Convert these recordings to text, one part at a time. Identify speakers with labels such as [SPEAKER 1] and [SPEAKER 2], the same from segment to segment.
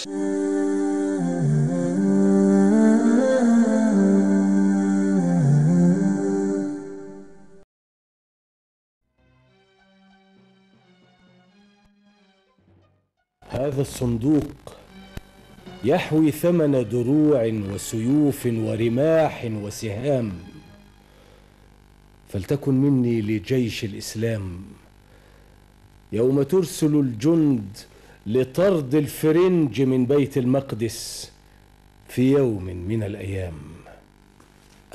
[SPEAKER 1] هذا الصندوق يحوي ثمن دروع وسيوف ورماح وسهام فلتكن مني لجيش الاسلام يوم ترسل الجند لطرد الفرنج من بيت المقدس في يوم من الايام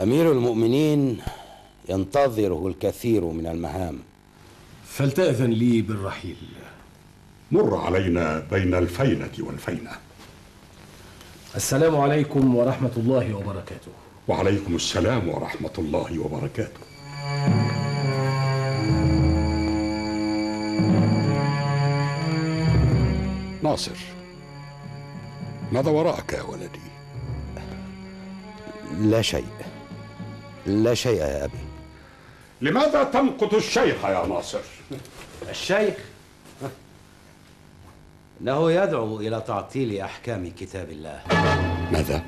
[SPEAKER 2] امير المؤمنين ينتظره الكثير من المهام
[SPEAKER 1] فلتاذن لي بالرحيل
[SPEAKER 3] مر علينا بين الفينه
[SPEAKER 1] والفينه السلام عليكم ورحمه الله وبركاته وعليكم السلام ورحمه الله وبركاته
[SPEAKER 3] ناصر ماذا وراءك يا ولدي لا
[SPEAKER 2] شيء لا شيء يا أبي
[SPEAKER 3] لماذا تمقت
[SPEAKER 2] الشيخ يا ناصر الشيخ إنه يدعو إلى تعطيل أحكام كتاب الله ماذا؟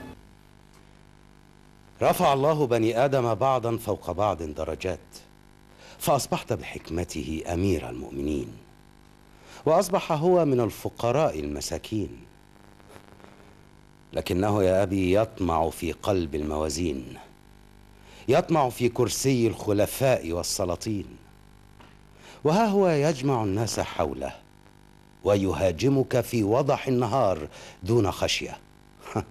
[SPEAKER 2] رفع الله بني آدم بعضا فوق بعض درجات فأصبحت بحكمته أمير المؤمنين وأصبح هو من الفقراء المساكين لكنه يا أبي يطمع في قلب الموازين يطمع في كرسي الخلفاء والسلاطين وها هو يجمع الناس حوله ويهاجمك في وضح النهار دون خشية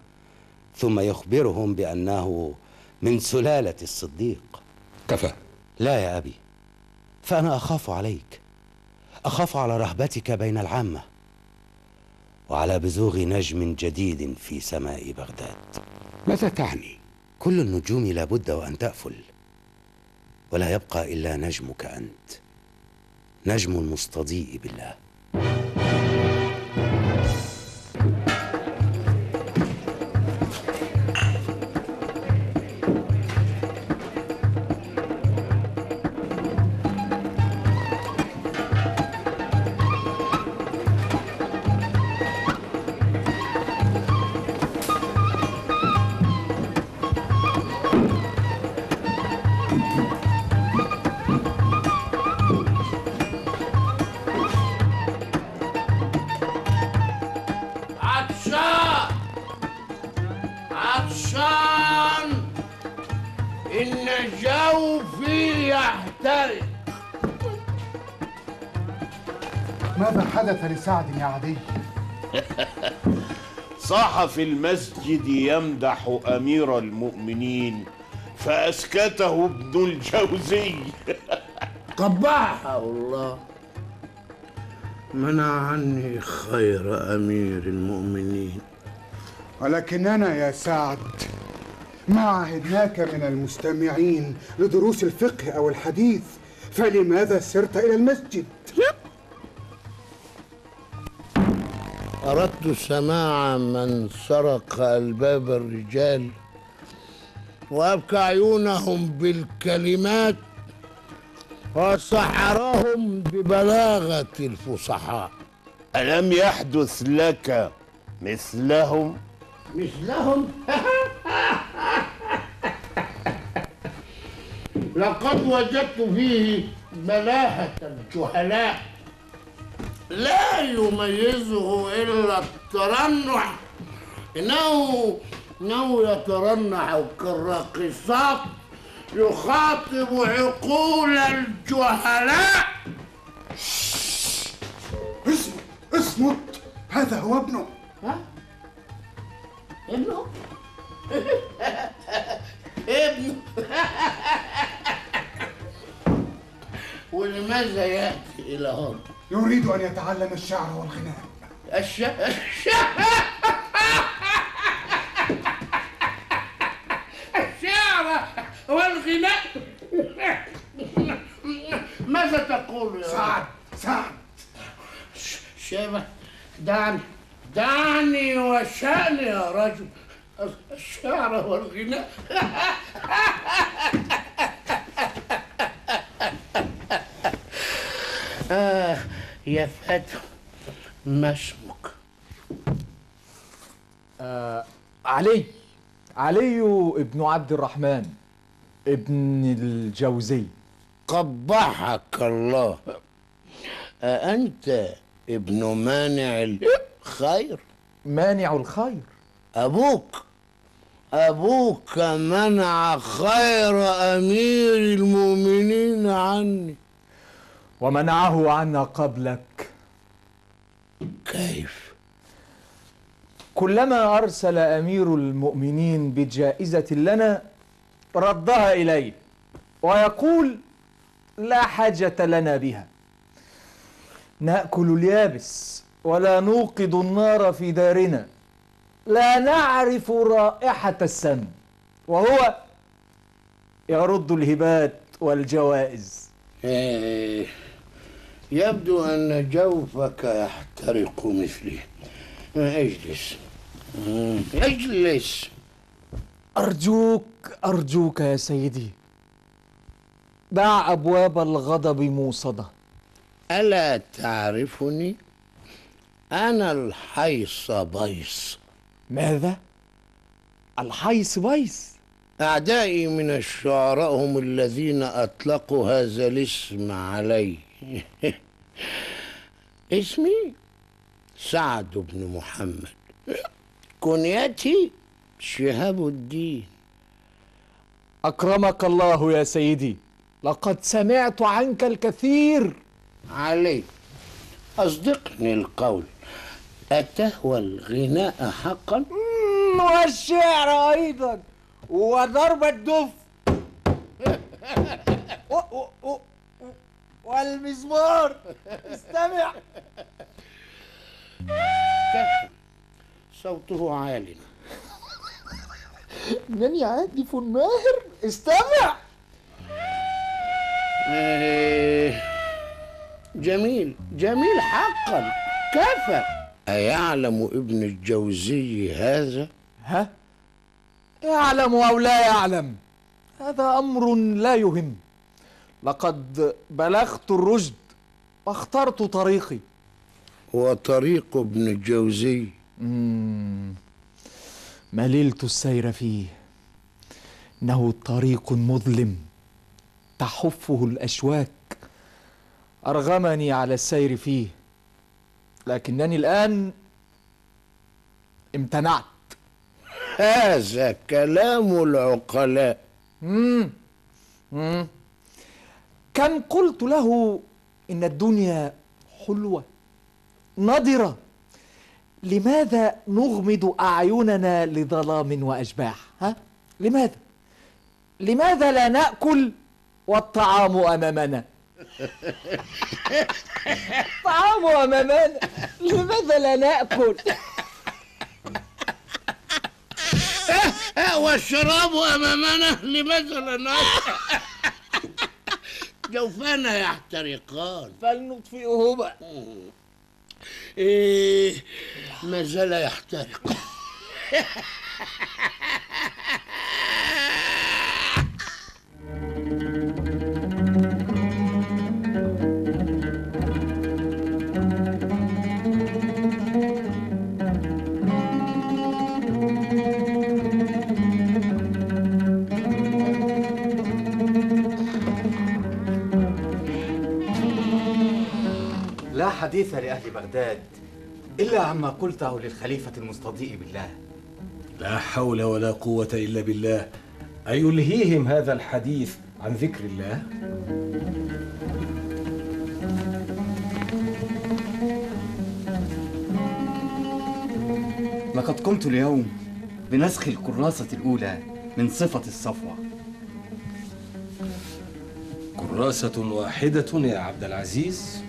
[SPEAKER 2] ثم يخبرهم بأنه من سلالة الصديق كفى لا يا أبي فأنا أخاف عليك أخاف على رهبتك بين العامة وعلى بزوغ نجم جديد في سماء بغداد ماذا تعني؟ كل النجوم لابد وأن تأفل ولا يبقى إلا نجمك أنت نجم المستضيء بالله
[SPEAKER 4] سعد يا عدي
[SPEAKER 5] صاح في المسجد يمدح أمير المؤمنين فأسكته ابن الجوزي قبعها الله منع عني خير أمير المؤمنين
[SPEAKER 4] ولكننا يا سعد ما عهدناك من المستمعين لدروس الفقه أو الحديث فلماذا سرت إلى المسجد؟
[SPEAKER 5] أردت سماع من سرق ألباب الرجال وأبكى عيونهم بالكلمات وسحرهم ببلاغة الفصحاء ألم يحدث لك مثلهم؟ مثلهم؟ لقد وجدت فيه ملاحة الجهلاء لا يميزه إلا الترنح إنه إنه يترنح كالراقصات يخاطب عقول الجهلاء اصمت اصمت هذا هو
[SPEAKER 4] ابنه ها؟ ابنه؟
[SPEAKER 5] ابنه ولماذا يأتي إلى هون؟ يريد أن يتعلم الشعر والغناء الش... الشعر والغناء ماذا تقول يا سعد سعد شيبة دعني دعني وشأني يا رجل الشعر والغناء يا فتى ما اسمك آه علي علي ابن عبد
[SPEAKER 1] الرحمن ابن الجوزي
[SPEAKER 5] قبحك الله أأنت آه، ابن مانع الخير مانع الخير أبوك أبوك منع خير أمير المؤمنين عني ومنعه عنا قبلك كيف
[SPEAKER 1] كلما أرسل أمير المؤمنين بجائزة لنا ردها إليه ويقول لا حاجة لنا بها نأكل اليابس ولا نوقد النار في دارنا لا نعرف رائحة السم وهو
[SPEAKER 5] يرد الهبات والجوائز إيه. يبدو أن جوفك يحترق مثلي اجلس اجلس أرجوك أرجوك يا سيدي دع أبواب الغضب موصدة ألا تعرفني؟ أنا الحيص بيص ماذا؟ الحيص بيص أعدائي من الشعراء هم الذين أطلقوا هذا الاسم علي اسمي سعد بن محمد كنيتي شهاب الدين أكرمك الله يا سيدي لقد سمعت عنك الكثير علي أصدقني القول أتهوى الغناء حقا؟ والشعر أيضا وضرب الدف والمزمار استمع صوته عال انني عازف ماهر استمع إيه، جميل جميل حقا كفى أيعلم ابن الجوزي هذا؟ ها؟ يعلم أو لا يعلم
[SPEAKER 1] هذا أمر لا يهم لقد بلغت الرشد واخترت طريقي
[SPEAKER 5] وطريق ابن الجوزي مللت السير فيه
[SPEAKER 1] انه طريق مظلم تحفه الاشواك ارغمني على السير فيه لكنني الان
[SPEAKER 5] امتنعت هذا كلام العقلاء مم.
[SPEAKER 1] مم. كم قلت له إن الدنيا حلوة نضرة لماذا نغمض أعيننا لظلام وأشباح ها؟ لماذا لماذا لا نأكل والطعام أمامنا
[SPEAKER 5] الطعام أمامنا لماذا لا نأكل والشراب أمامنا لماذا لا نأكل جوفانا يحترقان بقى إيه ما زال يحترق
[SPEAKER 1] حديث لأهل بغداد إلا عما قلته للخليفة المستضيء بالله لا حول ولا قوة إلا بالله أيلهيهم هذا الحديث عن ذكر الله؟ لقد قمت اليوم بنسخ الكراسة الأولى من صفة الصفوة كراسة واحدة يا عبد العزيز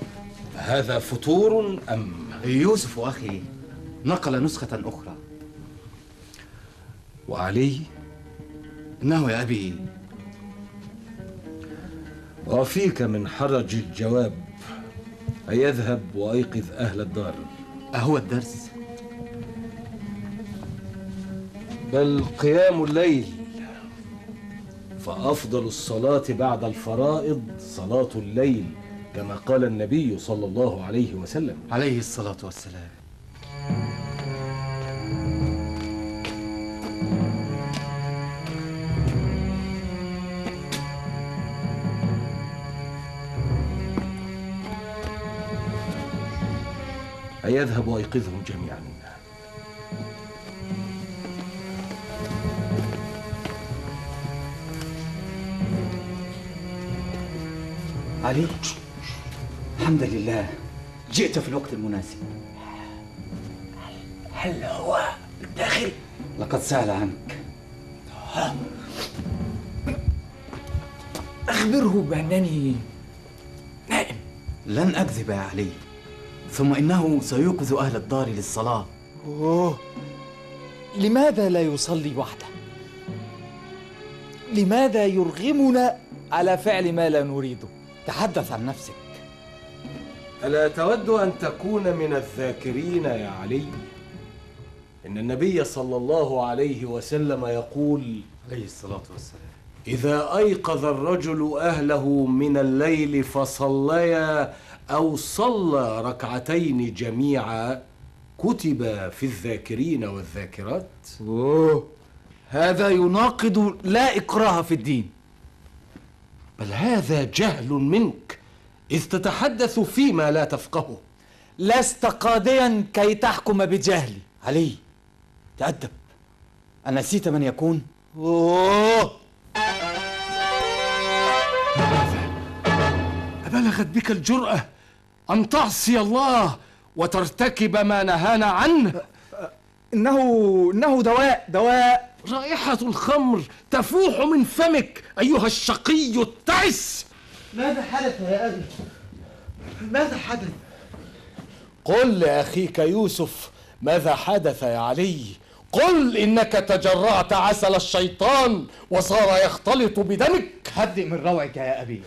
[SPEAKER 1] هذا فطور أم يوسف أخي نقل نسخة أخرى وعلي إنه نعم يا أبي وفيك من حرج الجواب أيذهب وأيقظ أهل الدار أهو الدرس؟ بل قيام الليل فأفضل الصلاة بعد الفرائض صلاة الليل كما قال النبي صلى الله عليه وسلم عليه الصلاة والسلام أيذهب وأيقظهم جميعا علي الحمد لله جئت في الوقت المناسب هل هو بالداخل؟ لقد سأل عنك أخبره بأنني نائم لن أكذب يا علي ثم إنه سيوقظ أهل الدار للصلاة أوه لماذا لا يصلي وحده؟ لماذا يرغمنا على فعل ما لا نريده؟ تحدث عن نفسك ألا تود أن تكون من الذاكرين يا علي؟ إن النبي صلى الله عليه وسلم يقول عليه الصلاة والسلام إذا أيقظ الرجل أهله من الليل فصليا أو صلى ركعتين جميعا كتب في الذاكرين والذاكرات أوه. هذا يناقض لا إكراه في الدين بل هذا جهل منك إذ تتحدث فيما لا تفقهه لست قاضيا كي تحكم بجهلي علي تأدب أنسيت من يكون؟ أوه. أبلغت بك الجرأة أن تعصي الله وترتكب ما نهانا عنه أه، أه، إنه إنه دواء دواء رائحة الخمر تفوح من فمك أيها الشقي التعس ماذا حدث يا أبي؟ ماذا حدث؟ قل لأخيك يوسف ماذا حدث يا علي؟ قل إنك تجرعت عسل الشيطان وصار يختلط بدمك هدئ من روعك يا أبي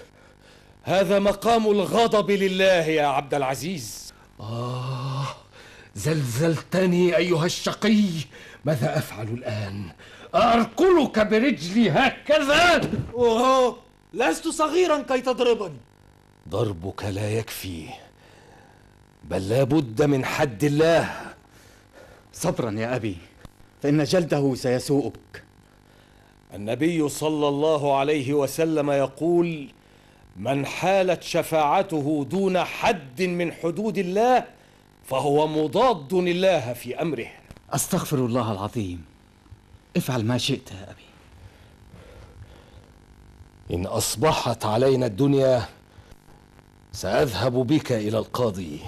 [SPEAKER 1] هذا مقام الغضب لله يا عبد العزيز آه زلزلتني أيها الشقي ماذا أفعل الآن؟ أركلك برجلي هكذا؟ أوه. لست صغيرا كي تضربني ضربك لا يكفي بل لا بد من حد الله صبرا يا أبي فإن جلده سيسوءك النبي صلى الله عليه وسلم يقول من حالت شفاعته دون حد من حدود الله فهو مضاد الله في أمره أستغفر الله العظيم افعل ما شئت يا أبي إن أصبحت علينا الدنيا سأذهب بك إلى القاضي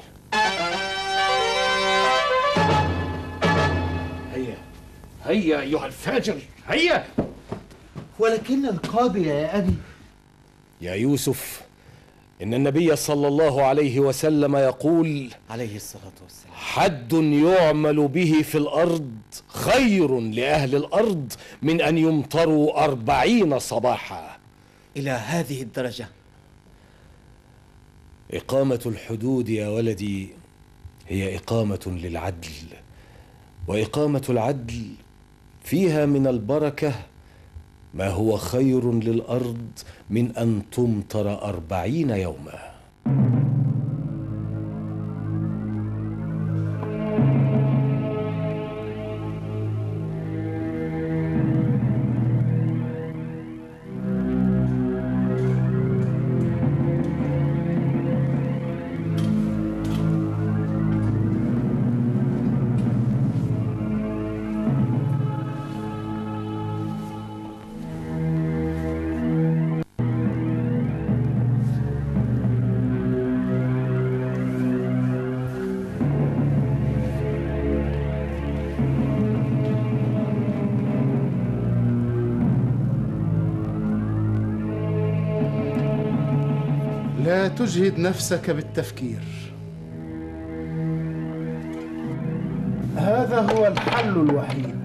[SPEAKER 1] هيا هيا أيها الفاجر هيا ولكن القاضي يا أبي يا يوسف إن النبي صلى الله عليه وسلم يقول عليه الصلاة والسلام حد يعمل به في الأرض خير لأهل الأرض من أن يمطروا أربعين صباحا إلى هذه الدرجة إقامة الحدود يا ولدي هي إقامة للعدل وإقامة العدل فيها من البركة ما هو خير للأرض من أن تمطر أربعين يوماً
[SPEAKER 4] تجهد نفسك بالتفكير هذا هو الحل الوحيد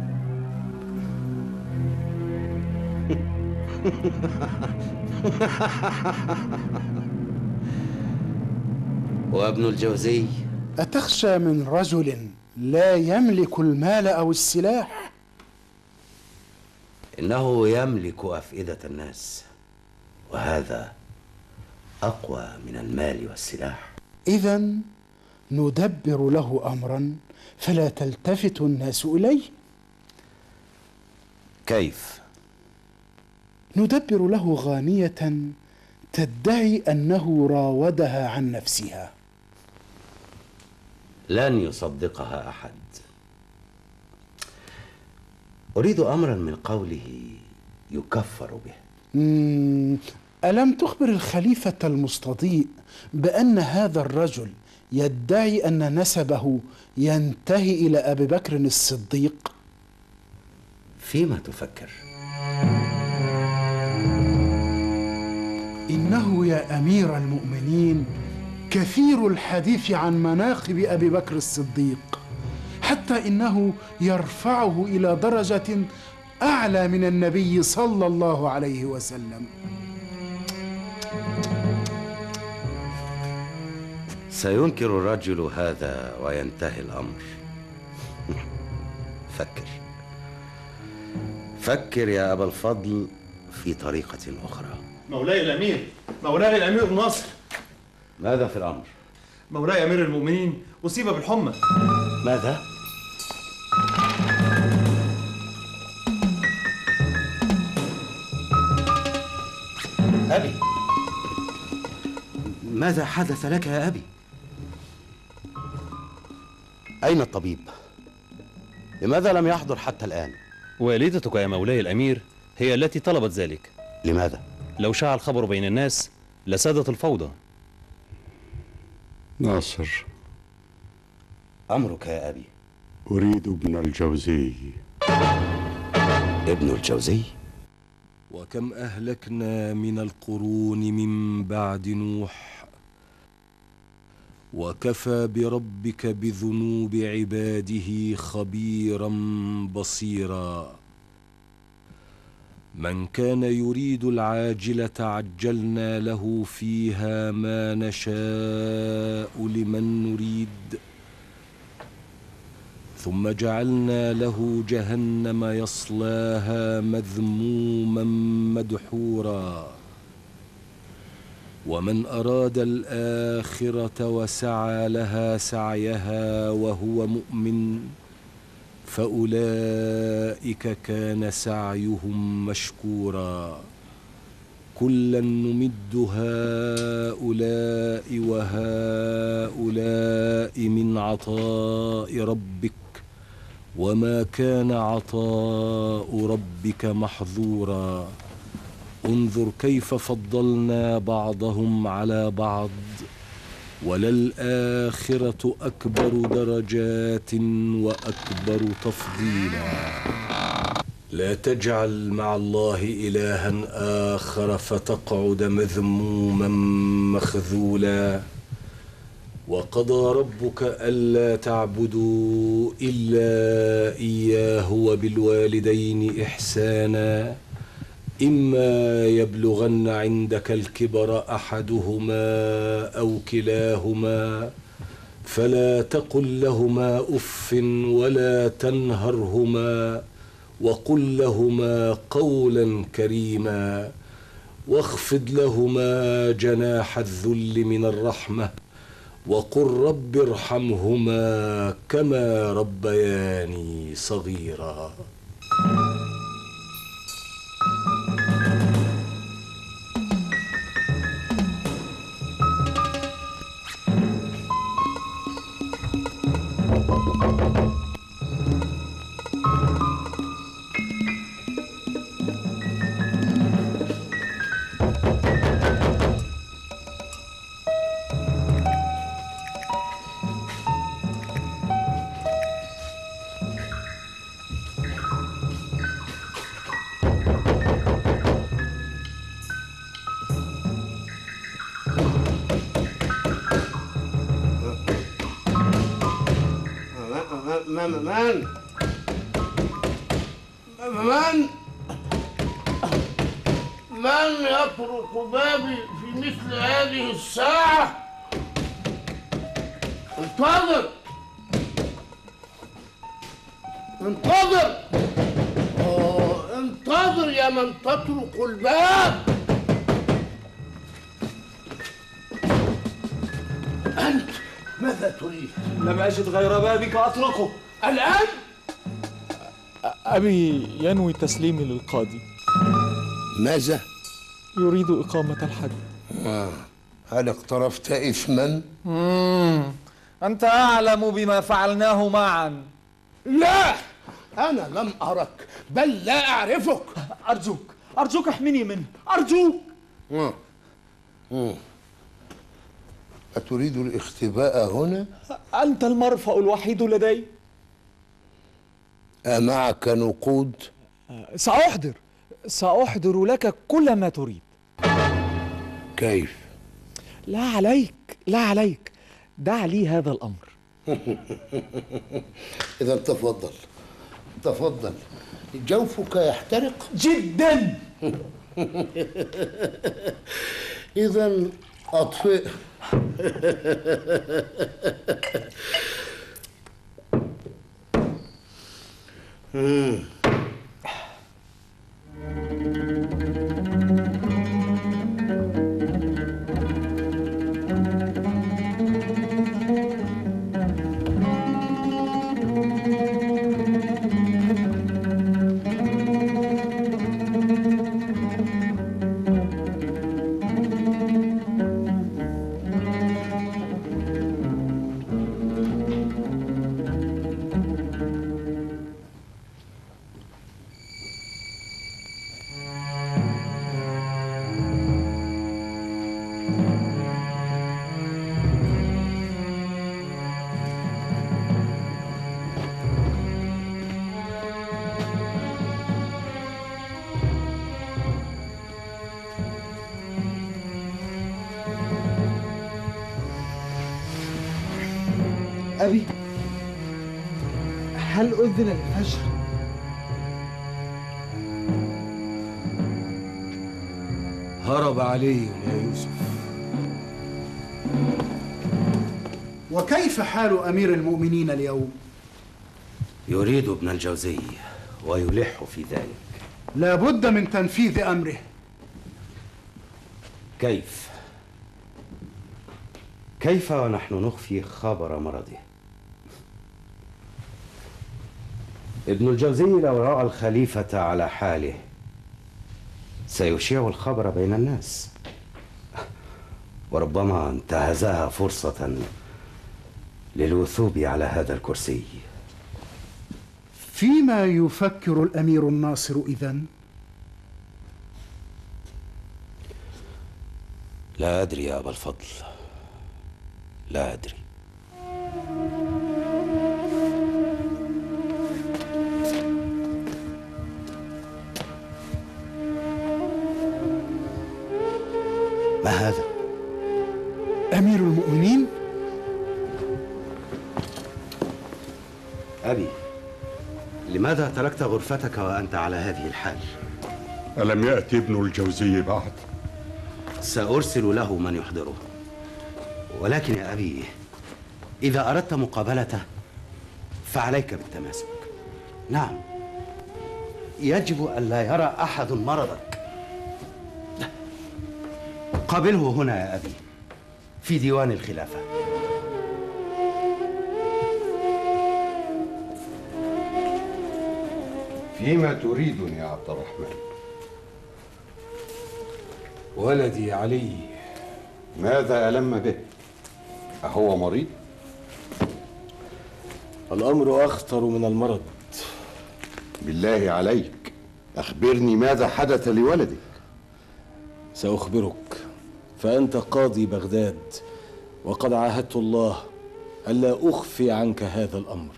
[SPEAKER 2] وابن الجوزي
[SPEAKER 4] أتخشى من رجل لا يملك المال أو السلاح
[SPEAKER 2] إنه يملك أفئدة الناس وهذا أقوى من المال والسلاح
[SPEAKER 4] إذا ندبر له أمرا فلا تلتفت الناس إليه كيف؟ ندبر له غانية تدعي أنه راودها عن نفسها
[SPEAKER 2] لن يصدقها أحد أريد أمرا من قوله يكفر
[SPEAKER 5] به
[SPEAKER 4] ألم تخبر الخليفة المستضيء بأن هذا الرجل يدعي أن نسبه ينتهي إلى أبي بكر الصديق؟ فيما تفكر؟ إنه يا أمير المؤمنين كثير الحديث عن مناقب أبي بكر الصديق حتى إنه يرفعه إلى درجة أعلى من النبي صلى الله عليه وسلم
[SPEAKER 2] سينكر الرجل هذا وينتهي الامر فكر فكر يا ابا الفضل في طريقه اخرى
[SPEAKER 1] مولاي الامير مولاي الامير نصر
[SPEAKER 2] ماذا في الامر
[SPEAKER 3] مولاي امير المؤمنين اصيب بالحمى
[SPEAKER 2] ماذا ابي ماذا حدث لك يا ابي أين الطبيب؟ لماذا لم يحضر حتى الآن؟ والدتك يا مولاي الأمير هي التي طلبت ذلك لماذا؟ لو شاع الخبر بين الناس لسادت الفوضى
[SPEAKER 3] ناصر
[SPEAKER 2] أمرك يا أبي
[SPEAKER 3] أريد ابن الجوزي ابن الجوزي؟
[SPEAKER 1] وكم أهلكنا من القرون من بعد نوح وكفى بربك بذنوب عباده خبيرا بصيرا من كان يريد العاجله عجلنا له فيها ما نشاء لمن نريد ثم جعلنا له جهنم يصلاها مذموما مدحورا ومن أراد الآخرة وسعى لها سعيها وهو مؤمن فأولئك كان سعيهم مشكورا كلا نمد هؤلاء وهؤلاء من عطاء ربك وما كان عطاء ربك محظورا انظر كيف فضلنا بعضهم على بعض وللآخرة أكبر درجات وأكبر تفضيلا لا تجعل مع الله إلها آخر فتقعد مذموما مخذولا وقضى ربك ألا تعبدوا إلا إياه وبالوالدين إحساناً إما يبلغن عندك الكبر أحدهما أو كلاهما فلا تقل لهما أف ولا تنهرهما وقل لهما قولا كريما واخفض لهما جناح الذل من الرحمة وقل رب ارحمهما كما ربياني صغيرا
[SPEAKER 5] من من من يطرق بابي في مثل هذه الساعة انتظر انتظر انتظر يا من تطرق الباب
[SPEAKER 1] أنت ماذا تريد؟ لم أجد غير بابك أطرقه الآن؟
[SPEAKER 5] أبي ينوي تسليمي للقاضي ماذا؟
[SPEAKER 1] يريد إقامة الحد
[SPEAKER 5] آه. هل اقترفت إثما؟
[SPEAKER 1] أنت أعلم بما فعلناه معا
[SPEAKER 5] لا أنا لم أرك بل لا أعرفك أرجوك أرجوك احمني منه أرجوك آه. آه. أتريد الاختباء هنا؟
[SPEAKER 1] أنت المرفأ الوحيد لدي
[SPEAKER 5] أمعك نقود
[SPEAKER 1] سأحضر سأحضر لك كل ما تريد كيف لا عليك لا عليك دع لي هذا الأمر
[SPEAKER 5] إذا تفضل تفضل جوفك يحترق جدا إذا أطفئ うん
[SPEAKER 1] أبي هل أذن الفجر؟ هرب علي يا يوسف
[SPEAKER 4] وكيف حال أمير المؤمنين اليوم؟
[SPEAKER 2] يريد ابن الجوزي ويلح في ذلك
[SPEAKER 4] لا بد من تنفيذ أمره
[SPEAKER 2] كيف؟ كيف ونحن نخفي خبر مرضه؟ ابن الجوزي لو رأى الخليفة على حاله سيشيع الخبر بين الناس وربما انتهزها فرصة للوثوب على هذا الكرسي
[SPEAKER 4] فيما يفكر الأمير الناصر إذن؟
[SPEAKER 2] لا أدري يا أبا الفضل لا أدري ما هذا أمير المؤمنين أبي لماذا تركت غرفتك وأنت على هذه الحال؟ ألم يأتي ابن الجوزي بعد؟ سأرسل له من يحضره ولكن يا أبي إذا أردت مقابلته فعليك بالتماسك نعم يجب أن لا يرى أحد مرضك قابله هنا يا أبي في ديوان الخلافة
[SPEAKER 3] فيما تريدني يا عبد الرحمن ولدي علي ماذا ألم به؟ أهو مريض؟ الأمر أخطر من المرض بالله عليك أخبرني ماذا حدث لولدك
[SPEAKER 1] سأخبرك فأنت قاضي بغداد وقد عاهدت الله ألا أخفي عنك هذا الأمر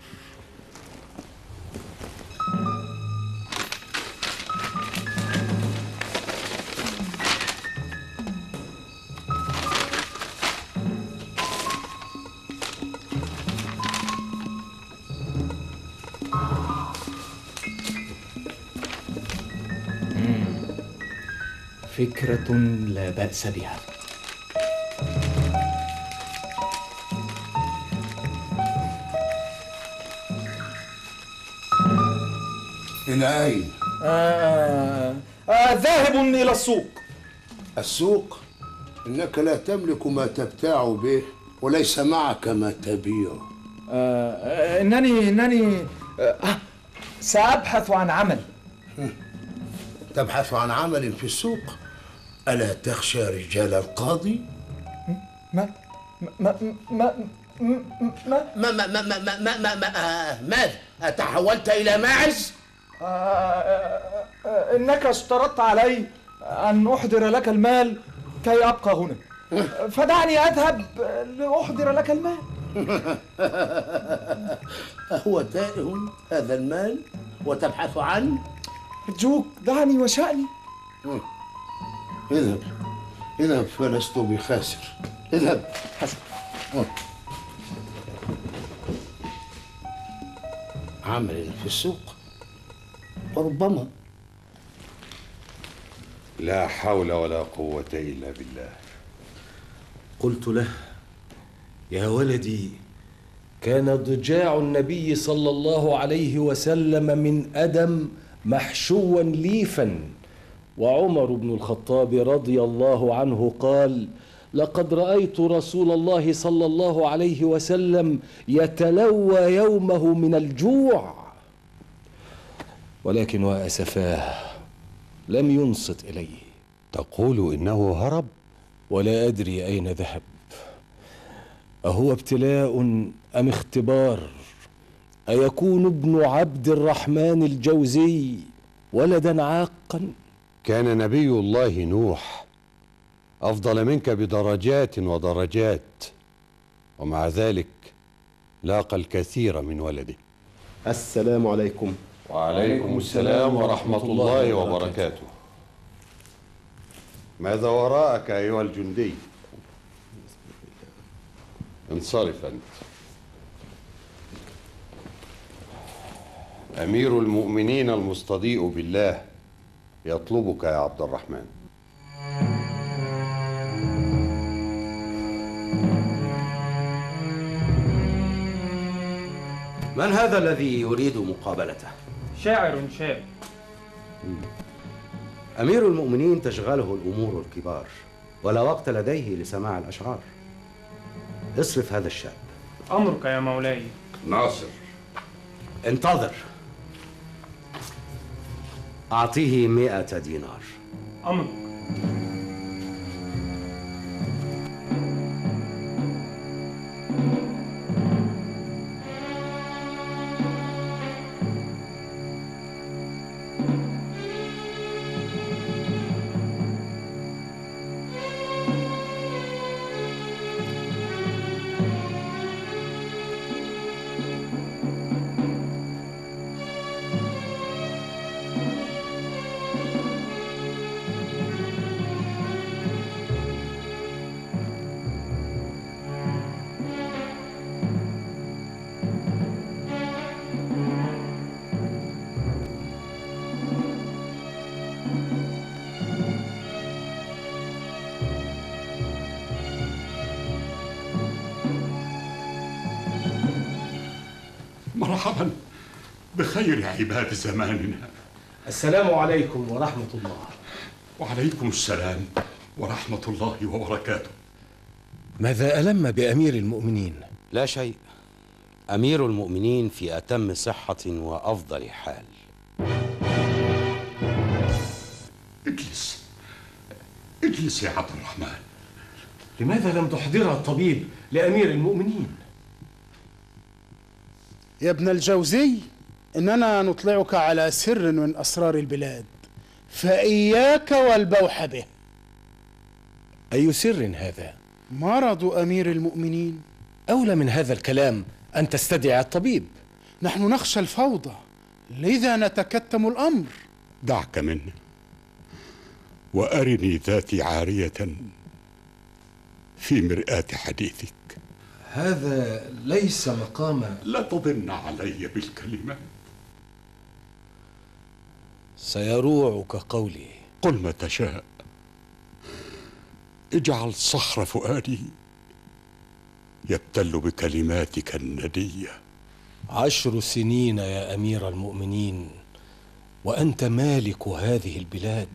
[SPEAKER 1] فكرة لا بأس بها
[SPEAKER 5] الآي آه. آه ذاهب إلى السوق السوق إنك لا تملك ما تبتاع به وليس معك ما تبيع
[SPEAKER 1] آه. إنني إنني آه. سأبحث عن عمل
[SPEAKER 5] تبحث عن عمل في السوق ألا تخشى رجال القاضي؟ ما ما ما ما ما ما ما ما ما ما ما ماذا؟ أتحولت إلى ماعز؟ آه، إنك اشترطت علي
[SPEAKER 1] أن أحضر لك المال كي أبقى هنا فدعني أذهب
[SPEAKER 5] لأحضر لك المال أهو تائه هذا المال وتبحث عنه؟ أرجوك دعني وشأني اه، اذهب اذهب فلست بخاسر اذهب حسن اه. عمل في السوق وربما
[SPEAKER 1] لا حول ولا قوة إلا بالله قلت له يا ولدي كان ضجاع النبي صلى الله عليه وسلم من أدم محشوا ليفا وعمر بن الخطاب رضي الله عنه قال لقد رايت رسول الله صلى الله عليه وسلم يتلوى يومه من الجوع ولكن وأسفاه لم ينصت إليه تقول إنه هرب؟ ولا أدري أين ذهب أهو ابتلاء أم اختبار أيكون ابن عبد الرحمن الجوزي ولدا عاقا؟ كان نبي
[SPEAKER 3] الله نوح أفضل منك بدرجات ودرجات ومع ذلك لاقى الكثير من ولده السلام عليكم وعليكم السلام ورحمة الله وبركاته ماذا وراءك أيها الجندي؟ انصرف أنت أمير المؤمنين المستضيء بالله يطلبك يا عبد الرحمن
[SPEAKER 2] من هذا الذي يريد مقابلته؟
[SPEAKER 3] شاعر شاب
[SPEAKER 2] أمير المؤمنين تشغله الأمور الكبار ولا وقت لديه لسماع الأشعار اصرف هذا الشاب
[SPEAKER 5] أمرك يا مولاي
[SPEAKER 2] ناصر انتظر أعطيه مئة دينار
[SPEAKER 1] أمرك مرحبا بخير عباد زماننا السلام عليكم ورحمة الله وعليكم السلام ورحمة الله وبركاته ماذا ألم بأمير المؤمنين؟
[SPEAKER 2] لا شيء أمير المؤمنين في أتم صحة
[SPEAKER 3] وأفضل حال
[SPEAKER 1] اجلس اجلس يا عبد الرحمن لماذا لم تحضر الطبيب لأمير المؤمنين؟ يا ابن الجوزي
[SPEAKER 4] إننا نطلعك على سر من أسرار البلاد فإياك والبوح به
[SPEAKER 1] أي سر هذا؟
[SPEAKER 4] مرض أمير المؤمنين أولى من هذا الكلام أن تستدعي الطبيب نحن نخشى الفوضى لذا نتكتم الأمر
[SPEAKER 3] دعك منه وأرني ذاتي عارية في مرآة حديثك
[SPEAKER 1] هذا ليس مقاما لا تضن علي بالكلمات سيروعك قولي قل ما تشاء اجعل صخر فؤادي
[SPEAKER 3] يبتل بكلماتك الندية
[SPEAKER 1] عشر سنين يا أمير المؤمنين وأنت مالك هذه البلاد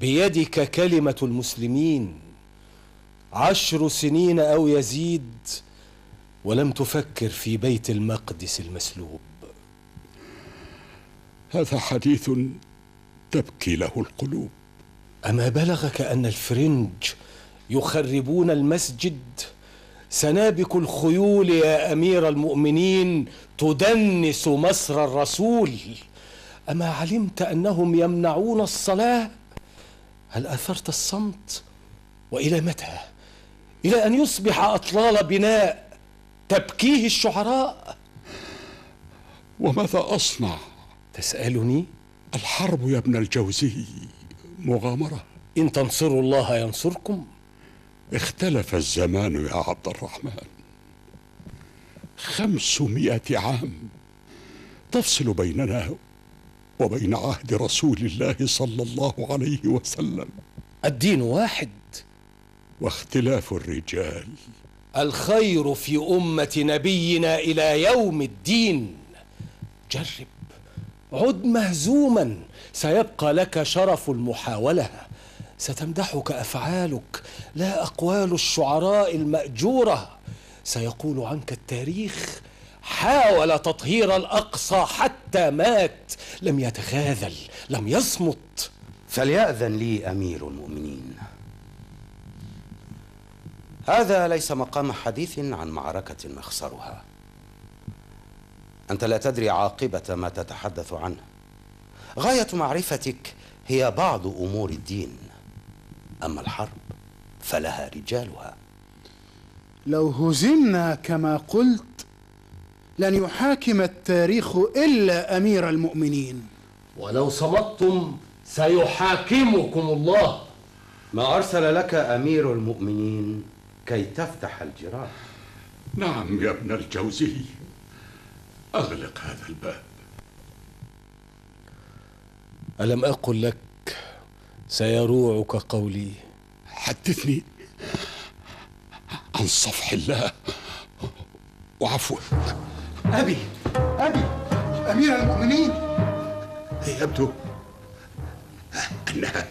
[SPEAKER 1] بيدك كلمة المسلمين عشر سنين أو يزيد ولم تفكر في بيت المقدس المسلوب هذا حديث تبكي له القلوب أما بلغك أن الفرنج يخربون المسجد سنابك الخيول يا أمير المؤمنين تدنس مصر الرسول أما علمت أنهم يمنعون الصلاة هل أثرت الصمت وإلى متى؟ إلى أن يصبح أطلال بناء تبكيه الشعراء وماذا أصنع؟ تسألني؟ الحرب يا ابن الجوزي مغامرة إن تنصروا الله ينصركم
[SPEAKER 3] اختلف الزمان يا عبد الرحمن خمسمائة عام تفصل بيننا وبين عهد رسول الله صلى الله عليه وسلم
[SPEAKER 1] الدين واحد
[SPEAKER 3] واختلاف الرجال
[SPEAKER 1] الخير في أمة نبينا إلى يوم الدين جرب عد مهزوما سيبقى لك شرف المحاولة ستمدحك أفعالك لا أقوال الشعراء المأجورة سيقول عنك التاريخ حاول تطهير الأقصى حتى مات لم يتخاذل لم يصمت فليأذن لي
[SPEAKER 2] أمير المؤمنين هذا ليس مقام حديث عن معركة نخسرها أنت لا تدري عاقبة ما تتحدث عنه غاية معرفتك هي بعض أمور الدين أما الحرب فلها رجالها لو
[SPEAKER 4] هزمنا كما قلت لن يحاكم التاريخ إلا أمير المؤمنين
[SPEAKER 1] ولو
[SPEAKER 2] صمتم سيحاكمكم الله ما أرسل لك أمير المؤمنين كي تفتح الجراح
[SPEAKER 3] نعم يا ابن الجوزي أغلق هذا الباب
[SPEAKER 1] ألم أقل لك سيروعك قولي حدثني عن صفح الله وعفوك أبي أبي أمير
[SPEAKER 4] المؤمنين يبدو أنها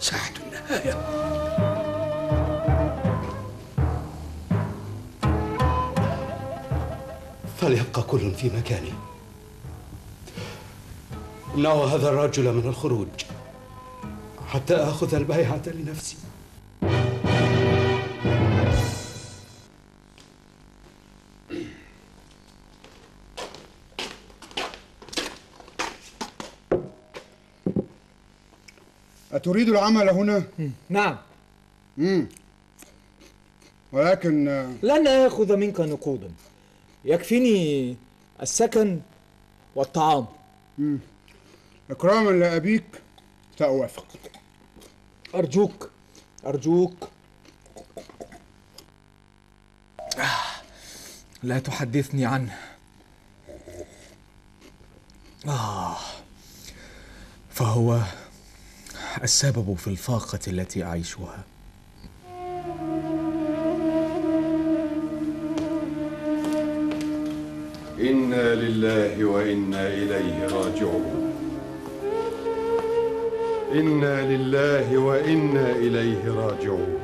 [SPEAKER 5] ساعة النهاية
[SPEAKER 2] فليبقى كل في مكانه امنعوا هذا الرجل من الخروج
[SPEAKER 1] حتى آخذ البيعة لنفسي
[SPEAKER 4] أتريد العمل
[SPEAKER 1] هنا؟ نعم ولكن آه، لن آخذ منك نقودا يكفيني السكن والطعام مم. إكراما لأبيك سأوافق أرجوك أرجوك آه، لا تحدثني عنه آه فهو السبب في الفاقة التي أعيشها
[SPEAKER 3] إنا لله وإنا إليه راجعون إنا لله وإنا إليه راجعون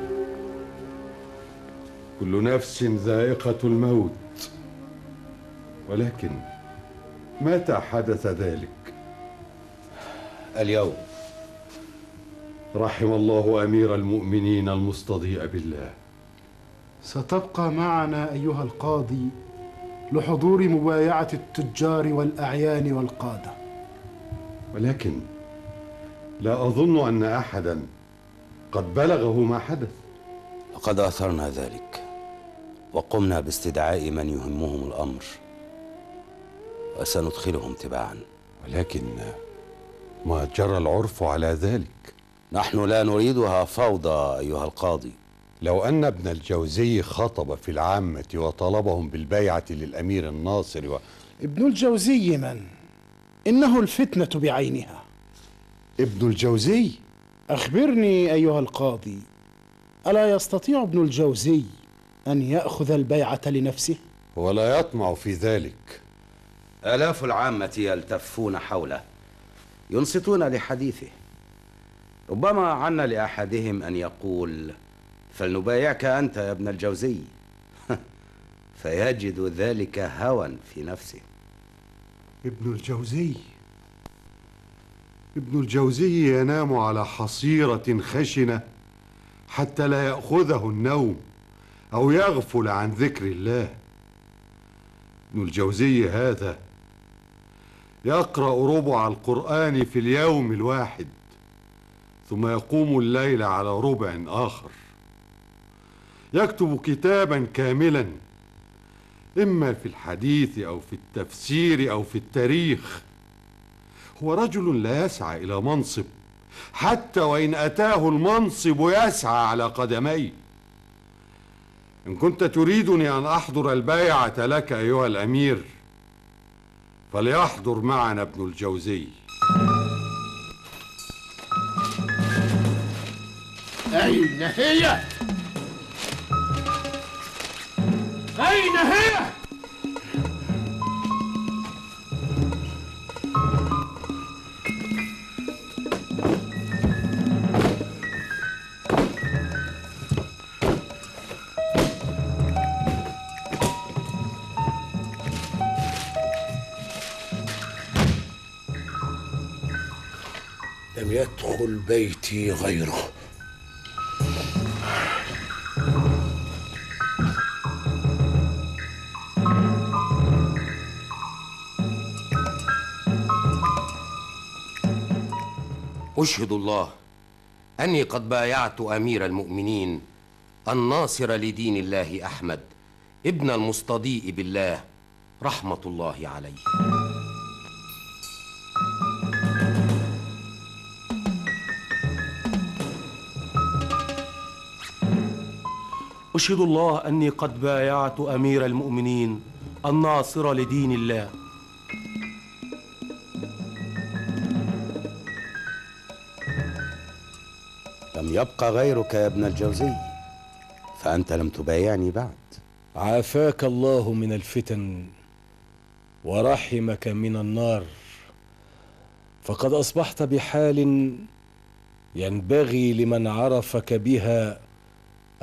[SPEAKER 3] كل نفس ذائقة الموت ولكن متى حدث ذلك اليوم رحم الله أمير المؤمنين المستضيء بالله
[SPEAKER 4] ستبقى معنا أيها القاضي لحضور مبايعة التجار والأعيان والقادة
[SPEAKER 3] ولكن لا أظن أن أحدا قد بلغه ما حدث لقد أثرنا ذلك
[SPEAKER 2] وقمنا باستدعاء من يهمهم الأمر وسندخلهم
[SPEAKER 3] تباعا ولكن ما جرى العرف على ذلك نحن لا نريدها فوضى أيها القاضي لو أن ابن الجوزي خطب في العامة وطلبهم بالبيعة للأمير الناصر و... ابن الجوزي من؟
[SPEAKER 4] إنه الفتنة بعينها ابن الجوزي؟ أخبرني أيها القاضي ألا يستطيع ابن الجوزي أن يأخذ
[SPEAKER 2] البيعة لنفسه؟
[SPEAKER 3] ولا يطمع في ذلك آلاف العامة
[SPEAKER 2] يلتفون حوله ينصتون لحديثه ربما عنا لأحدهم أن يقول فلنبايعك أنت يا ابن الجوزي فيجد ذلك هوى في نفسه
[SPEAKER 3] ابن الجوزي ابن الجوزي ينام على حصيرة خشنة حتى لا يأخذه النوم أو يغفل عن ذكر الله ابن الجوزي هذا يقرأ ربع القرآن في اليوم الواحد ثم يقوم الليل على ربع آخر يكتب كتابا كاملا اما في الحديث او في التفسير او في التاريخ هو رجل لا يسعى الى منصب حتى وان اتاه المنصب يسعى على قدميه ان كنت تريدني ان احضر البيعه لك ايها الامير فليحضر معنا ابن الجوزي
[SPEAKER 5] اين هي أين هي؟ لم يدخل بيتي غيره
[SPEAKER 2] أشهد الله أني قد بايعت أمير المؤمنين الناصر لدين الله أحمد ابن المستضيء بالله رحمة الله عليه
[SPEAKER 1] أشهد الله أني قد بايعت أمير المؤمنين الناصر لدين الله
[SPEAKER 2] يبقى غيرك يا ابن الجوزي فأنت لم تبايعني بعد
[SPEAKER 1] عافاك الله من الفتن ورحمك من النار فقد أصبحت بحال ينبغي لمن عرفك بها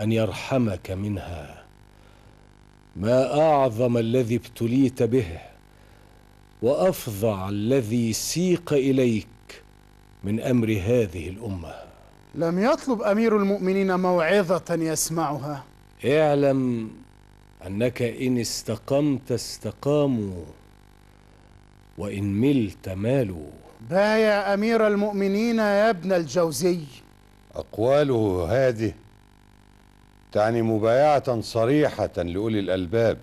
[SPEAKER 1] أن يرحمك منها ما أعظم الذي ابتليت به وأفظع الذي سيق إليك من أمر هذه الأمة
[SPEAKER 4] لم يطلب أمير المؤمنين موعظة يسمعها
[SPEAKER 1] اعلم أنك إن استقمت استقاموا وإن ملت مالوا
[SPEAKER 3] بايع أمير المؤمنين يا ابن الجوزي أقواله هذه تعني مبايعة صريحة لأولي
[SPEAKER 1] الألباب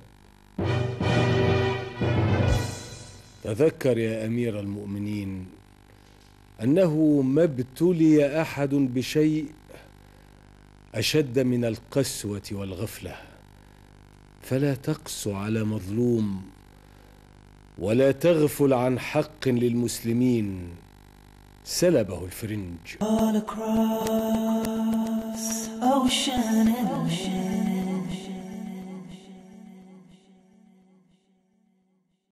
[SPEAKER 1] تذكر يا أمير المؤمنين أنه ما ابتلي أحد بشيء أشد من القسوة والغفلة فلا تقس على مظلوم ولا تغفل عن حق للمسلمين سلبه الفرنج All across ocean and ocean.